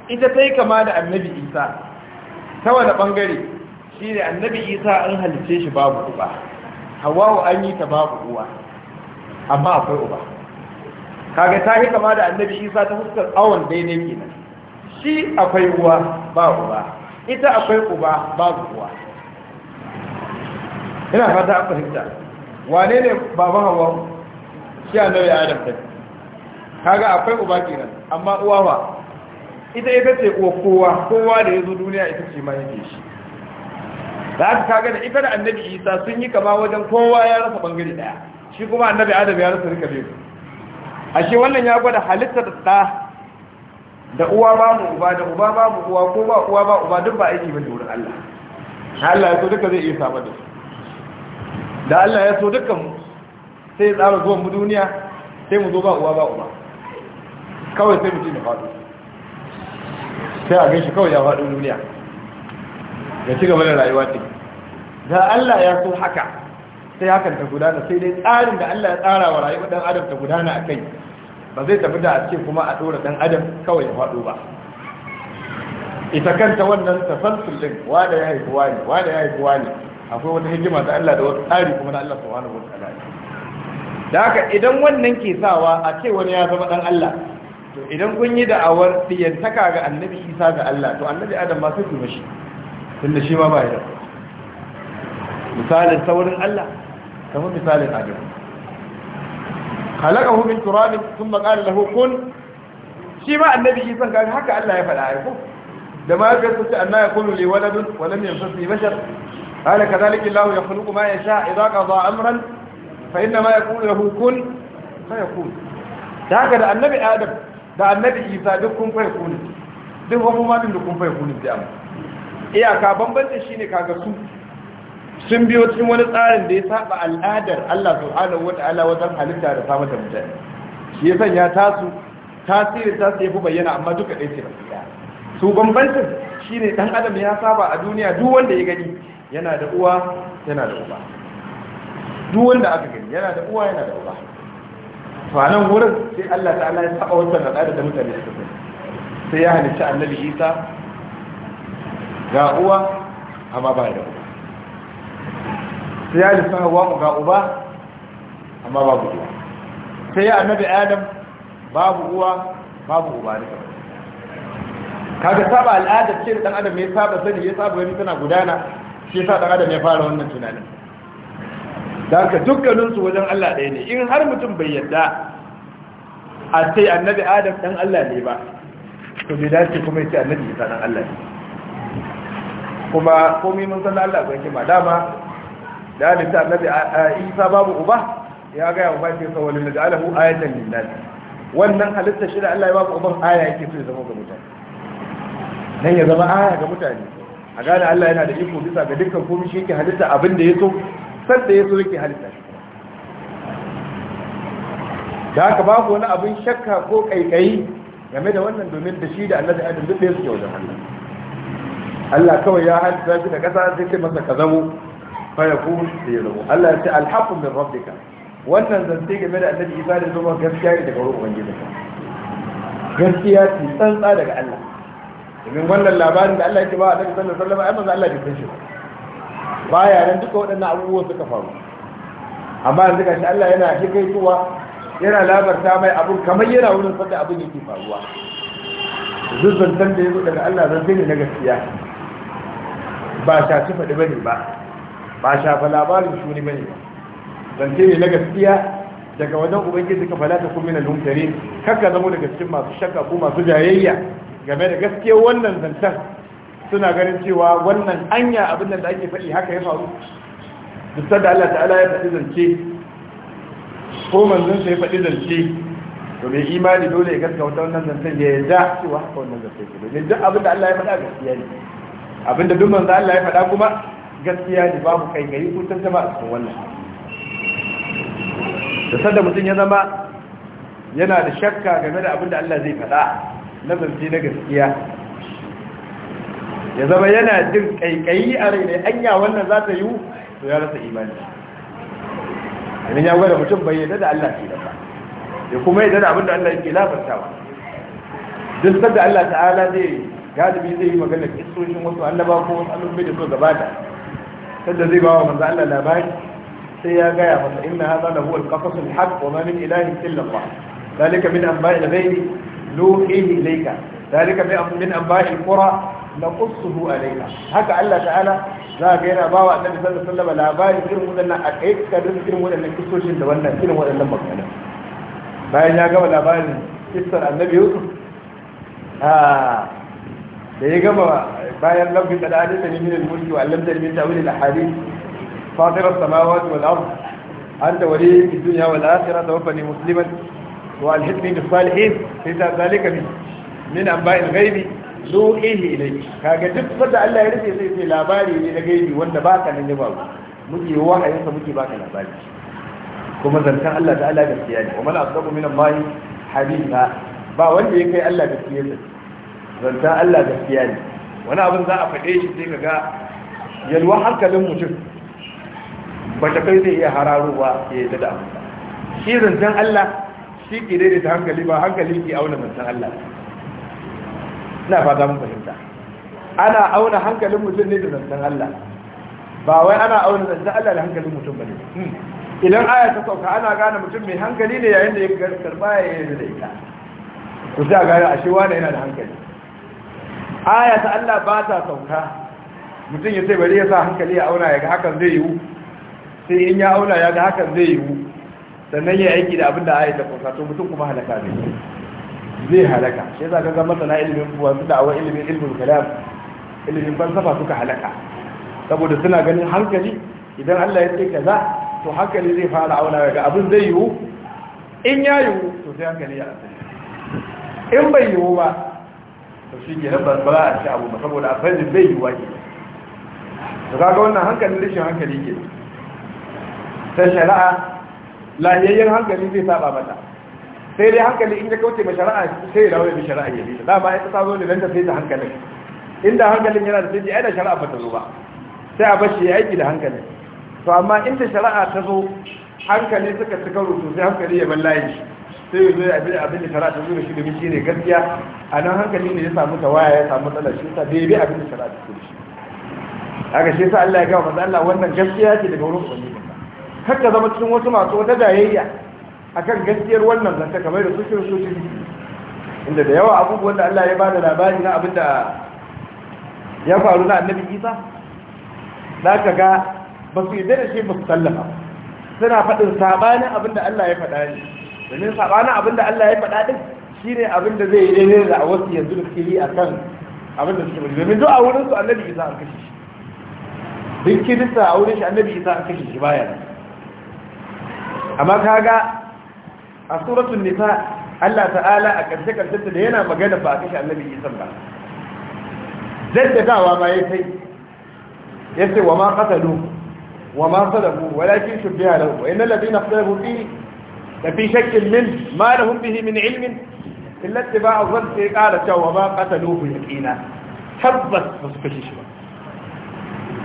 ita ta yi kama da annabi isa ta wani ɓangare shi ne annabi isa an halice shi babu uba hawawu an yi ta babu uwa amma akwai uba kaga ta yi kama da annabi isa ta fuskar awon daidai kenan shi akwai uwa ba uba ita akwai uba babu uwa ina fata a fahimta wane ne baban hawa shi annabi adam ta kaga akwai uba kenan amma uwa ba ita ita ce uwa kowa kowa da ya zo duniya ita ce ma yake shi da aka kaga da ita da annabi isa sun yi kama wajen kowa ya rasa bangare daya shi kuma annabi adam ya rasa rika a ashe wannan ya gwada halitta da da uwa ba mu uba da uba ba mu uwa ko ba uwa ba uba duk ba aiki ba da wurin Allah Allah ya so duka zai iya samar da su da Allah ya so dukkan sai ya tsara zuwan mu duniya sai mu zo ba uwa ba uba kawai sai mu ji ne sai a gan shi kawai ya faɗin duniya ya ci gaba da rayuwa ce da Allah ya so haka sai hakan ta gudana sai dai tsarin da Allah ya tsara wa rayuwar dan adam ta gudana a kai ba zai tafi da a ce kuma a ɗora dan adam kawai ya faɗo ba ita kanta wannan tasalsul din wanda ya haifi wani wanda ya haifi wani akwai wata hikima da Allah da wata tsari kuma na Allah sa wa ta'ala da haka idan wannan ke sawa a ce wani ya zama dan Allah idan kun yi da'awar diyantaka ga annabi isa ga Allah to annabi adam ma sai ku mashi tunda shi ma ba ya da misalin saurin Allah kamar misalin adam khalaqahu min turabin thumma qala lahu kun shi ma annabi isa ga haka Allah ya faɗa ai ko da ma ga su annabi ya kullu li ya wa lam yamsasni bashar قال كذلك الله يخلق ما يشاء إذا قضى أمرا فإنما يقول له كن فيكون da haka da annabi adam da annabi isa duk kun fai kuni duk wani mamadin da kun fai kuni da mu iyaka bambanci shine kaga su sun biyo cikin wani tsarin da ya saba al'adar Allah subhanahu wata'ala wajen halitta da samar da mutane shi ya sanya tasu tasirin ta sai fi bayyana amma duka ɗaya ce ɗaya. su shi ne dan adam ya saba a duniya duk wanda ya gani yana da uwa yana da uba duk wanda aka gani yana da uwa yana da uba to nan wurin sai Allah ta'ala ya saba wancan al'ada da mutane suka sani sai ya halicci annabi Isa ga uwa amma ba da uba sai ya halicci Hawwa ga uba amma babu uwa sai ya annabi Adam babu uwa babu uba ne kaga saba al'ada ce da dan adam ya saba sani ya saba wani tana gudana shi yasa dan adam ya fara wannan tunanin da haka dukkaninsu wajen Allah ɗaya ne in har mutum bai yadda a ce annabi adam ɗan Allah ne ba to bai dace kuma ya ce annabi isa ɗan Allah ne kuma komi mun san Allah ba yake ma dama da halitta annabi isa babu uba ya gaya ya bakin sa walin da alahu ayatan lillahi wannan halitta shi da Allah ya babu uban aya yake so ya zama ga mutane nan ya zama aya ga mutane a gane Allah yana da iko bisa ga dukkan komi shi yake halitta abin da ya so sadda ya so yake halitta da haka ku wani abin shakka ko kaikayi game da wannan domin da shi da annabi adam duk da yake wajen Allah Allah kawai ya halitta shi da kasa sai ce masa ka zamo fa yakun sai ya zamo Allah ya ce alhaqqu min rabbika wannan zance game da annabi Isa da zuma gaskiya ne daga wurin ubangijinka gaskiya ce tsantsa daga Allah domin wannan labarin da Allah ya ce ba annabi sallallahu alaihi wasallam ai manzo Allah ya san shi ba baya nan duka waɗannan abubuwan suka faru amma yanzu gashi Allah yana hikaituwa yana labarta mai abu kamar yana wurin sanda abin yake faruwa zuzzantan da ya zo daga Allah zan ne na gaskiya ba shafi faɗi bane ba ba shafa labarin shuni bane ba zance ne na gaskiya daga wajen ubangiji ka falata kuma na lumtare kakka zama daga cikin masu shakka ko masu jayayya game da gaskiyar wannan zantar. suna ganin cewa wannan anya abin da ake faɗi haka ya faru duk da Allah ta'ala ya faɗi zance ko manzon sai faɗi zance to mai imani dole ya gaskata wannan zancen da ya da cewa haka wannan zance ke domin duk abin da Allah ya faɗa gaskiya ne abin da duk manzon Allah ya faɗa kuma gaskiya ne babu kai gari ko tantama a cikin wannan da mutum ya zama yana da shakka game da abin da Allah zai faɗa na zance na gaskiya ya zama yana jin kaikayi a rai ne anya wannan za ta yiwu to ya rasa imani idan ya gwada mutum bayyana da Allah ke dafa ya kuma yadda da abinda Allah ke lafartawa duk sadda Allah ta'ala zai galibi zai yi magana kisoshin wasu annaba ko wasu alummi da so gabata sadda zai bawa wa manzo Allah labari sai ya gaya masa inna hadha lahu al-qasas al-haq wa ma min ilahin illa Allah ذلك من أنباء الغيب نوحيه إليك ذلك من أنباء القرى naqussuhu alayka haka Allah ta'ala za ga yana wa annabi sallallahu alaihi wasallam labarin irin wadannan a kai ka da irin wadannan kisoshin da wannan irin wadannan magana bayan ya gama labarin kissar annabi Yusuf ah da ya gama bayan lafi da hadisa ne min al-mulki wa allamta min ta'wil al-ahadith fatir as-samawati wal ard anta wali fi dunya wal akhirah tawaffani musliman wa alhiqni bis salihin fa dhalika min min anba'i al-ghaibi zo ilmi ne kaga duk wanda Allah ya rufe sai sai labari ne na gaibi wanda ba ka nan ba muke wahayin sa muke baka labari kuma zantan Allah da Allah gaskiya ne wa man sabu min Allah Habiba, ba wanda ya kai Allah gaskiya ne zantan Allah gaskiya ne wani abin za a faɗe shi sai kaga yalwa hankalin mutum ba ta kai zai iya hararowa ya yi da shi zantan Allah shi ke daidaita hankali ba hankali ke auna zantan Allah ina fata mun fahimta ana auna hankalin mutum ne da zancen Allah ba wai ana auna zancen Allah da hankalin mutum ba ne. idan aya ta sauka ana gane mutum mai hankali ne yayin da ya karba ya yi da ita ku sai gane shi wani yana da hankali aya ta Allah ba ta sauka mutum ya sai bari ya sa hankali ya auna ya ga hakan zai yiwu sai in ya auna ya ga hakan zai yiwu sannan ya aiki da abin da aya ta sauka to mutum kuma halaka ne zai halaka shi yasa kaga masana ilimin su da'awar ilimin ilimin kalam ilimin falsafa suka halaka saboda suna ganin hankali idan Allah ya ce kaza to hankali zai fara auna ga abin zai yiwu in ya yiwu to sai hankali ya asali in bai yiwu ba to shi ke nan ba za a ci abu ba saboda asali zai yiwu ake to kaga wannan hankali rashin hankali ke ta shari'a lahiyayyen hankali zai saba mata sai dai hankali in ya kauce ma shari'a sai ya dawo da shari'a ya bisa dama ita ta zo ne dan ta sai ta hankalin inda hankalin yana da sai da shari'a ba ta zo ba sai a bashi ya aiki da hankalin to amma inda shari'a ta zo hankali suka ci karo to sai hankali ya ban layi. shi sai ya zo ya bi abin da shari'a ta zo da shi domin shi ne gaskiya a nan hankali ne ya samu tawaya ya samu matsala shi sa bai bi abin da shari'a ta zo da shi haka shi sa Allah ya gama manzo Allah wannan gaskiya ce daga wurin ubangiji kakka zama cikin wasu masu wata jayayya akan gaskiyar wannan zanta kamar da suke ciki, inda da yawa abubuwan da Allah ya ba da labari na abin da ya faru na annabi isa za ka ga ba su yadda da shi ba su tallafa suna faɗin saɓanin abin da Allah ya faɗa ne domin saɓanin abin da Allah ya faɗa ɗin shi ne abin da zai yi daidai da a wasu yanzu da suke yi a kan abin da suke domin duk a wurinsu annabi isa an kashe shi duk kirista a wurin shi annabi isa an kashe shi baya amma ka ga a suratul nisa Allah ta'ala a ƙarshe ƙarshen da yana magana ba a kashe annabi Isa ba jaddadawa ma ya sai ya ce wa ma qatalu wa ma salabu walakin shubbiha lahu wa innal ladina ikhtalafu fi la fi shakkin min ma lahum bihi min ilmin illa ittiba'a dhann sai qala ta wa ma qataluhu yaqina tabbas ba su kashe shi ba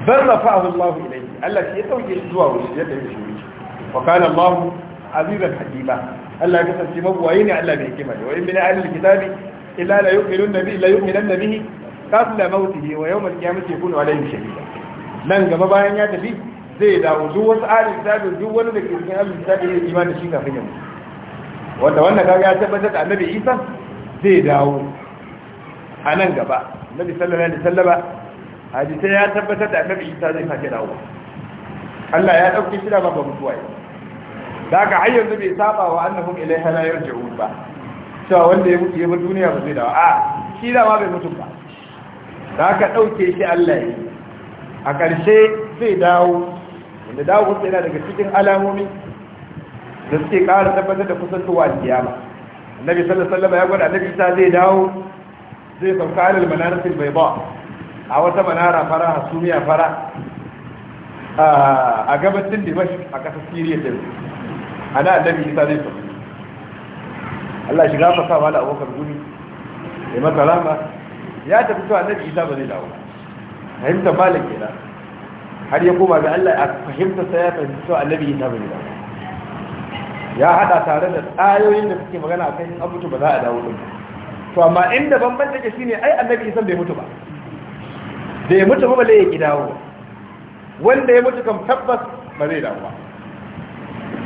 bal rafa'ahu Allah ilayhi Allah shi ya dauke shi zuwa wurin yadda yake shi wa kana Allah azizan hakima Allah ya kasance mabuwayi ne Allah bai hikima ne wa in min ahlil kitabi illa la yu'minunna bihi la yu'minanna bihi qabla mawtihi wa yawm al-qiyamati yakunu alayhim shahida nan gaba bayan ya tafi zai dawo duk wasu ahlil kitabi duk wani da ke cikin ahlil kitabi zai da shi kafin ya mutu wanda wannan kaga ya tabbatar da annabi Isa zai dawo a nan gaba annabi sallallahu alaihi wasallama hadisi ya tabbatar da annabi Isa zai sake dawo Allah ya dauke shi da babu mutuwa da haka har yanzu bai saba wa annahum ilaiha la yarji'un ba cewa wanda ya mutu ya bar duniya ba zai dawo a shi da ma bai mutu ba da haka dauke shi Allah ya a ƙarshe zai dawo wanda dawo kusa yana daga cikin alamomi da suke ƙara tabbatar da kusantowa da kiyama annabi sallallahu alaihi wasallam ya gwada annabi ta zai dawo zai sauka alal manaratil bayda a wata manara fara hasumiya fara a gabatin dimash a ƙasar siriya din ana annabi isa zai tafi Allah shiga sa mala abokan guri ya masa rama ya tafi to annabi isa ba zai dawo fahimta malam kenan har ya koma ga Allah a fahimta sa ya fahimta to annabi isa ba zai dawo ya hada tare da tsayoyin da suke magana akan in abutu ba za a dawo din to amma inda bambanta take shine ai annabi isa bai mutu ba bai mutu ba balle ya ki dawo wanda ya mutu kam tabbas ba zai dawo ba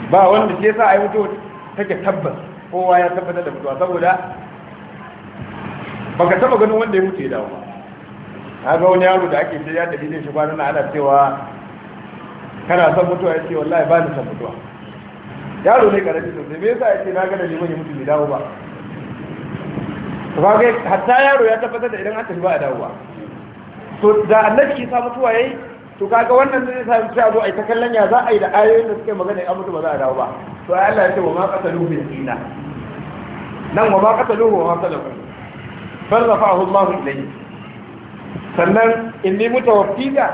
ba wanda ke sa ai mutu take tabbas kowa ya tabbatar da mutuwa saboda baka taba ganin wanda ya mutu ya dawo ba ga wani yaro da ake ya da zai shi kwana na ana cewa kana son mutuwa ya ce wallahi ba ni son mutuwa yaro ne karfi sosai me yasa ya ce na ga da liman ya mutu ya dawo ba ba hatta yaro ya tabbatar da idan an tafi ba a dawo ba to da annabi sa mutuwa yayi to kaga wannan zai sa sai a zo a ta kallon ya za a yi da ayoyin da suke magana ya mutu ba za a dawo ba to ya Allah ya ce wa ma qataluhu ya zina nan wa ma qataluhu wa ma a farrafahu Allah ilayhi sannan inni mutawaffika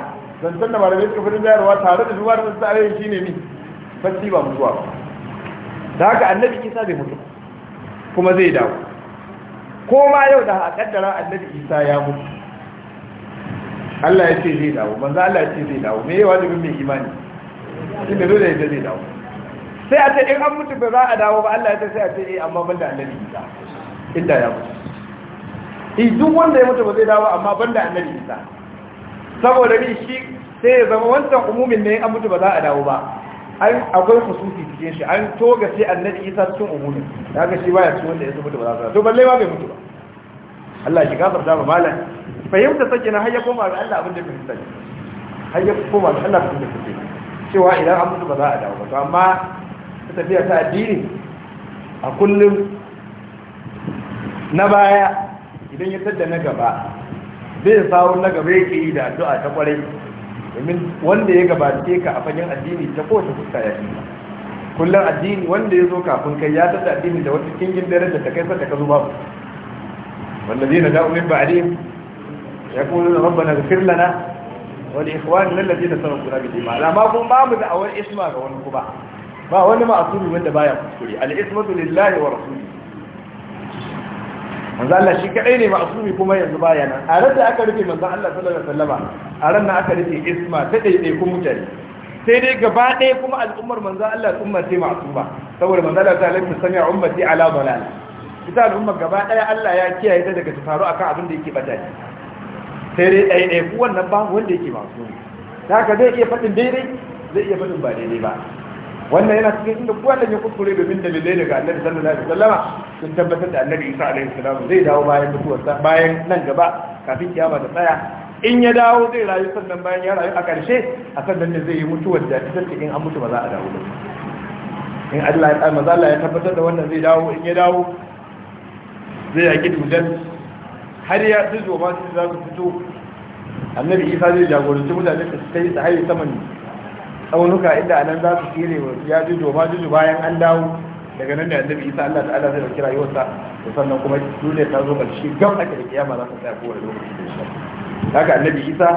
zan san da malamai suka fara bayarwa tare da duwar da shi shine ni fasi ba mutuwa da haka annabi Isa bai mutu kuma zai dawo ko ma yau da a kaddara annabi Isa ya mutu Allah ya ce zai dawo manzo Allah ya ce zai dawo me yawa wajibin mai imani shi da dole ya zai dawo sai a ce in an mutu ba za a dawo ba Allah ya ce sai a ce eh amma banda annabi Isa inda ya mutu eh duk wanda ya mutu ba zai dawo amma banda annabi Isa saboda ni shi sai ya zama wancan umumin ne an mutu ba za a dawo ba an akwai kusufi cikin shi an toga sai annabi Isa cikin umumin daga shi baya cikin wanda ya mutu ba za a dawo to balle ba bai mutu ba Allah shi gafarta ba malam fahimta sake na har ya koma ga Allah abin da fahimta ne har ya koma ga Allah abin da sani, cewa idan an mutu ba za a dawo ba to amma tafiya ta addini a kullum na baya idan ya tadda na gaba zai sawo na gaba yake yi da addu'a ta kwarai domin wanda ya gabace ka a fagen addini ta kowace fuska ya fi kullum addini wanda ya zo kafin kai ya tadda addini da wata kingin daraja ta kai sa ta ka zuba Wannan zai na da'umin ba'adin يقولون ربنا اغفر لنا ولإخواننا الذين سبقونا بالإيمان لا ما كون ما بدا أول اسم ما ما هو ما أصول من دبايا كسكري الإسمة لله ورسوله manzo Allah shi kadai ne ma'asumi kuma yanzu baya nan a ran da aka rufe manzo Allah sallallahu alaihi wasallama a ran da aka rufe isma ta daidai mutane sai dai gaba ɗaya kuma al'ummar manzo Allah umma ce ma'asuma saboda manzo Allah ta alaihi sami ummati ala dalal ita al'ummar gaba ɗaya Allah ya kiyaye ta daga tafaru akan abin da yake bata sai dai ɗaya ɗaya ku wannan ba wanda yake masu ne haka zai iya faɗin daidai zai iya faɗin ba daidai ba wannan yana cikin inda ku wannan ya kuskure domin bai daga annabi sallallahu alaihi wasallama sun tabbatar da annabi isa alaihi salam zai dawo bayan mutuwarsa bayan nan gaba kafin kiyama ta tsaya in ya dawo zai rayu sannan bayan ya rayu a ƙarshe a sannan ne zai yi mutuwar da ita in an mutu ba za a dawo ba in Allah ya tsaya maza Allah ya tabbatar da wannan zai dawo in ya dawo zai yaƙi dujal har ya su zo masu za su fito annabi isa zai jagoranci mutane su kai su haye saman tsaunuka inda anan za su wa ya ji ba ji bayan an dawo daga nan da annabi isa allah ta'ala zai kira rayuwarsa da sannan kuma duniya ta zo ƙarshe gam ake da kiyama za ta tsaya kowane lokaci da shi haka annabi isa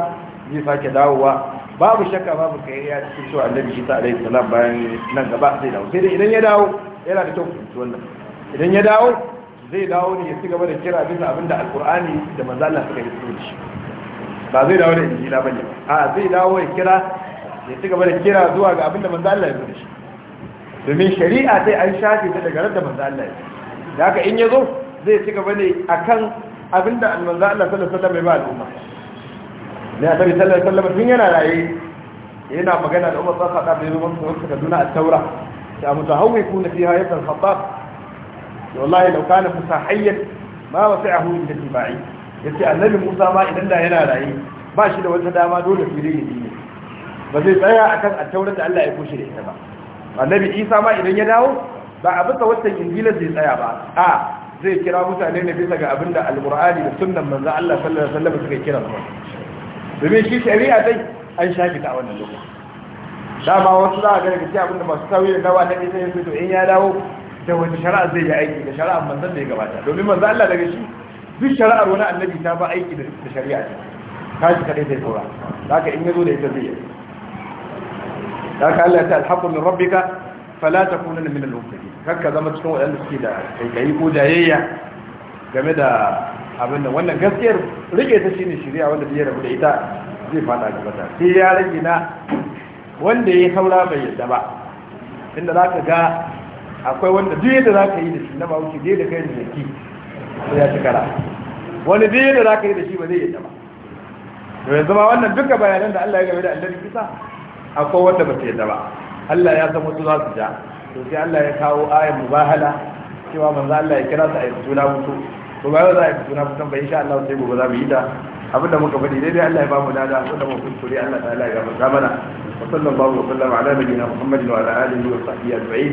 zai sake dawowa babu shakka babu kai ya cikin cewa annabi isa alaihi salam bayan nan gaba zai dawo sai dai idan ya dawo yana da kyau wannan idan ya dawo zai dawo ne ya ci gaba da kira bisa abinda alkur'ani da manzala suka yi shi ba zai dawo da injila bane a zai dawo ya kira ya ci gaba da kira zuwa ga abinda manzala ya zo shi domin shari'a sai an shafe ta daga radda manzala ya da haka in ya zo zai ci gaba ne akan abinda manzala sallallahu alaihi wasallam ya ba al'umma ne annabi sallallahu alaihi wasallam tun yana raye yana magana da Umar sallallahu alaihi da yi zuwa Kaduna a Taura ya mutahawwi na fiha haifar Habbab. wallahi law kana fasahiyyan ma wasi'ahu illa tibai yace annabi Musa ma idan da yana raye ba shi da wata dama dole da rage dini ba zai tsaya akan attaurar da Allah ya kushe da ita ba annabi Isa ma idan ya dawo ba a bisa wata injila zai tsaya ba a zai kira mutane ne bisa ga abinda alqur'ani da sunnan manzo Allah sallallahu alaihi wasallam suka kira su domin shi shari'a dai an shafi ta a wannan lokaci dama wasu za a ga daga cikin abinda masu sauyi da dawa na isa ya to in ya dawo ta wata shari'a zai yi aiki da shari'a manzon da ya gabata domin manzon Allah daga shi duk shari'ar wani annabi ta ba aiki da shari'a ce ta shi kadai zai saura ka in yazo da ita zai yi haka Allah ya ce alhaqqu min rabbika fala na minan lokaci. mufsidin ka zama cikin waɗanda suke da kaikayi ko jayayya game da abin da wannan gaskiyar rike ta shine shari'a wanda bai rabu da ita zai fada gaba ta sai ya rage na wanda ya saura bai yadda ba inda za ka ga akwai wanda duk yadda za ka yi da shi na ba wuce da kai da zaki sai ya ci kara wani duk yadda za ka yi da shi ba zai yadda ba to yanzu ma wannan duka bayanan da Allah ya game da annabi kisa akwai wanda ba ta yadda ba Allah ya san wasu za su ja to sai Allah ya kawo ayat mubahala cewa manzo Allah ya kira su a yi juna mutu to ba za a yi tuna mutu ba insha Allah sai gobe za mu yi da abinda muka faɗi daidai Allah ya bamu dada da mu kuskure Allah ta'ala ya gafarta mana wa sallallahu wa sallama ala nabiyyina Muhammadin wa ala alihi wa sahbihi ajma'in